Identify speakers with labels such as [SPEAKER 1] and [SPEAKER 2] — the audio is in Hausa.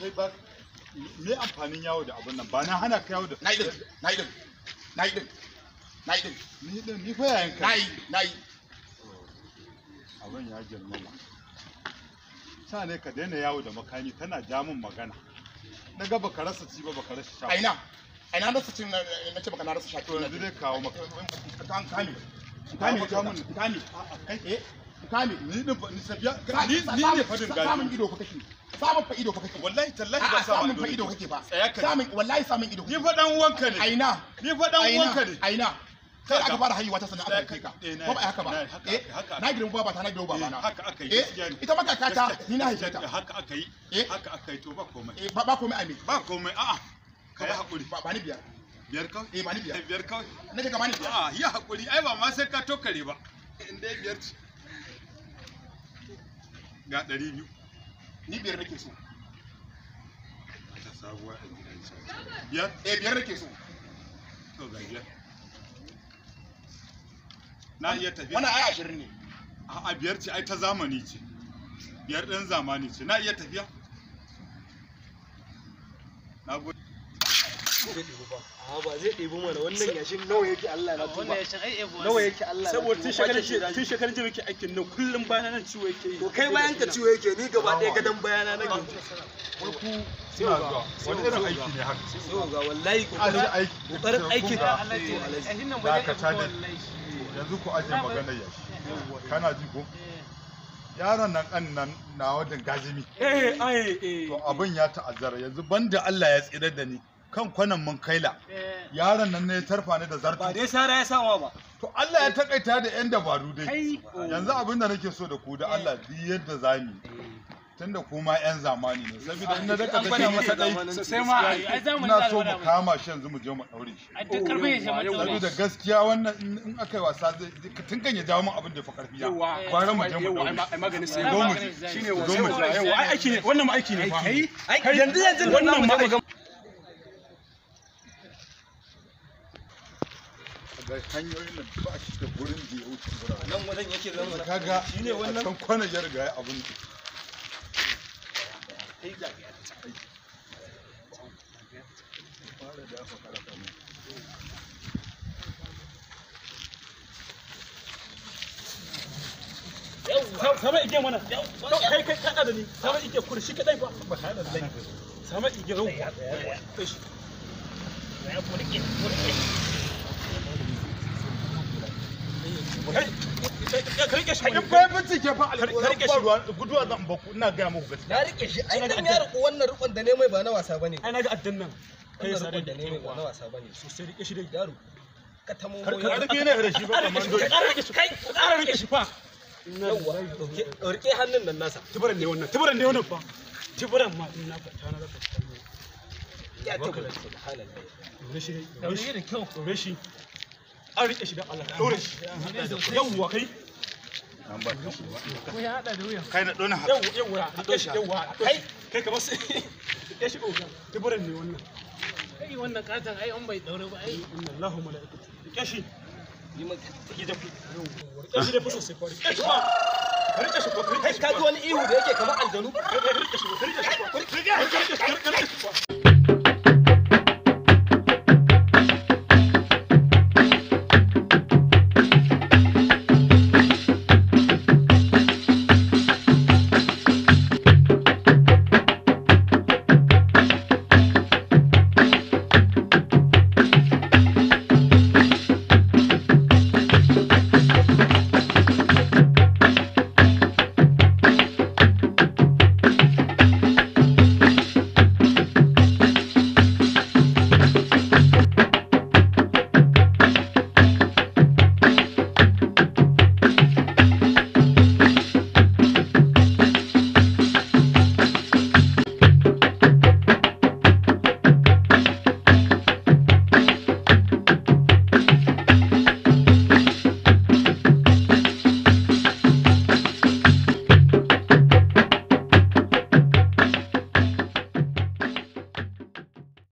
[SPEAKER 1] kai ba me amfanin yawo da abun nan ba na hana ka yawo da na yi din na yi din na yi din na yi din ni din ni fa yayin ka na yi na yi abun ya girmama sa ne ka daina yawo da makani tana ja min magana na ga baka rasa ci ba baka rasa sha aina aina rasa cin eh, eh, na ce baka na rasa sha to yanzu dai kawo maka kan kani kani ja min kani eh kani ni din ni sabiya ni ne fadin gani samun ido ka kashi samun fa ido kake wallahi tallahi ba samun fa ido kake ba samun wallahi samun ido ni fa dan uwanka ne aina ni fa dan uwanka ne aina kai aka fara haihuwa ta sana aka kai ka eh, ko ba haka ba eh na girma baba ta na girma baba na eh, haka aka yi eh, ita ma kakata ni na haife ta haka aka yi haka aka yi to ba komai eh ba komai ami ba komai a'a kai hakuri ba ni biyar biyar kawai eh ba ni biyar biyar kawai nake ka ba ni biyar a'a ya hakuri ai ba ma sai ka tokare ba in dai biyar ga 200 biyar nake so biyar eh, nake so na iya tafiya ashirin ne a biyar ce ai ta zamani ce biyar ɗin zamani ce na iya tafiya na gode zai ɗibu ba ba zai ɗibu mana wannan yashin nawa yake Allah na tuba eh, nawa yake Allah saboda tun shekarun jiya tun shekarun jiya muke aikin nan kullum bayana nan ciwo yake yi to kai bayan ka ciwo yake ni gaba ɗaya gadon bayana na gaba wai sai ga wani irin aiki ne haka sai ga wallahi kokarin aiki da Allah ya alaji yanzu ko aje maganar yashi kana ji ko eh. yaron nan kan nan na wajen gazimi eh, to abin ya ta'azzara yanzu banda Allah ya tsira da ni kan kwanan mun kaila eh. yaron nan ne ya tarfa ne da zarto. ba dai sara ya sama ba to Allah ya takaita da yan dabaru dai yanzu abinda nake so da ku da eh. Allah bi yadda zamu eh. tunda kuma yan zamani ne saboda in na daka da shi sai ma ai ina so mu kama shi yanzu mu je mu daure shi a duk karfe shi jama daure saboda gaskiya wannan in akai wasa tun kan ya jawo mun abin da fa karfiya ya bare mu je mu daure ai magani sai zo mu shine aiki ne wannan ma aiki ne fa ai yanzu yanzu wannan ma ga hanyoyin da ba shi da gurin da ya wuce nan wajen yake zama kaga wannan kan kwana ya riga ya abin kai ga ya fara da fa sama ike mana kai kai kada da ni sama ike kadai ba sama ike shi ya kurike kurike shi in bai bincike ba rike shi ruwa guduwa zan ina ga muku gaskiya na rike shi ai dan ya wannan da ne mai ba na wasa bane ai kai sa da ne mai ba na wasa bane so sai rike shi yaro ka tamo ka rike ne da shi ba dole ka rike shi kai ka rike shi fa rike hannun nan nasa ne wannan ne wannan fa ma ina ka tana da ka ya subhanallah da kyau an rike shi da Allah shi kai an ba da wuya kai na dona yawa yawa yawa kai kai bai daure ba da rike shi ka yake kamar aljanu rike shi rike shi rike shi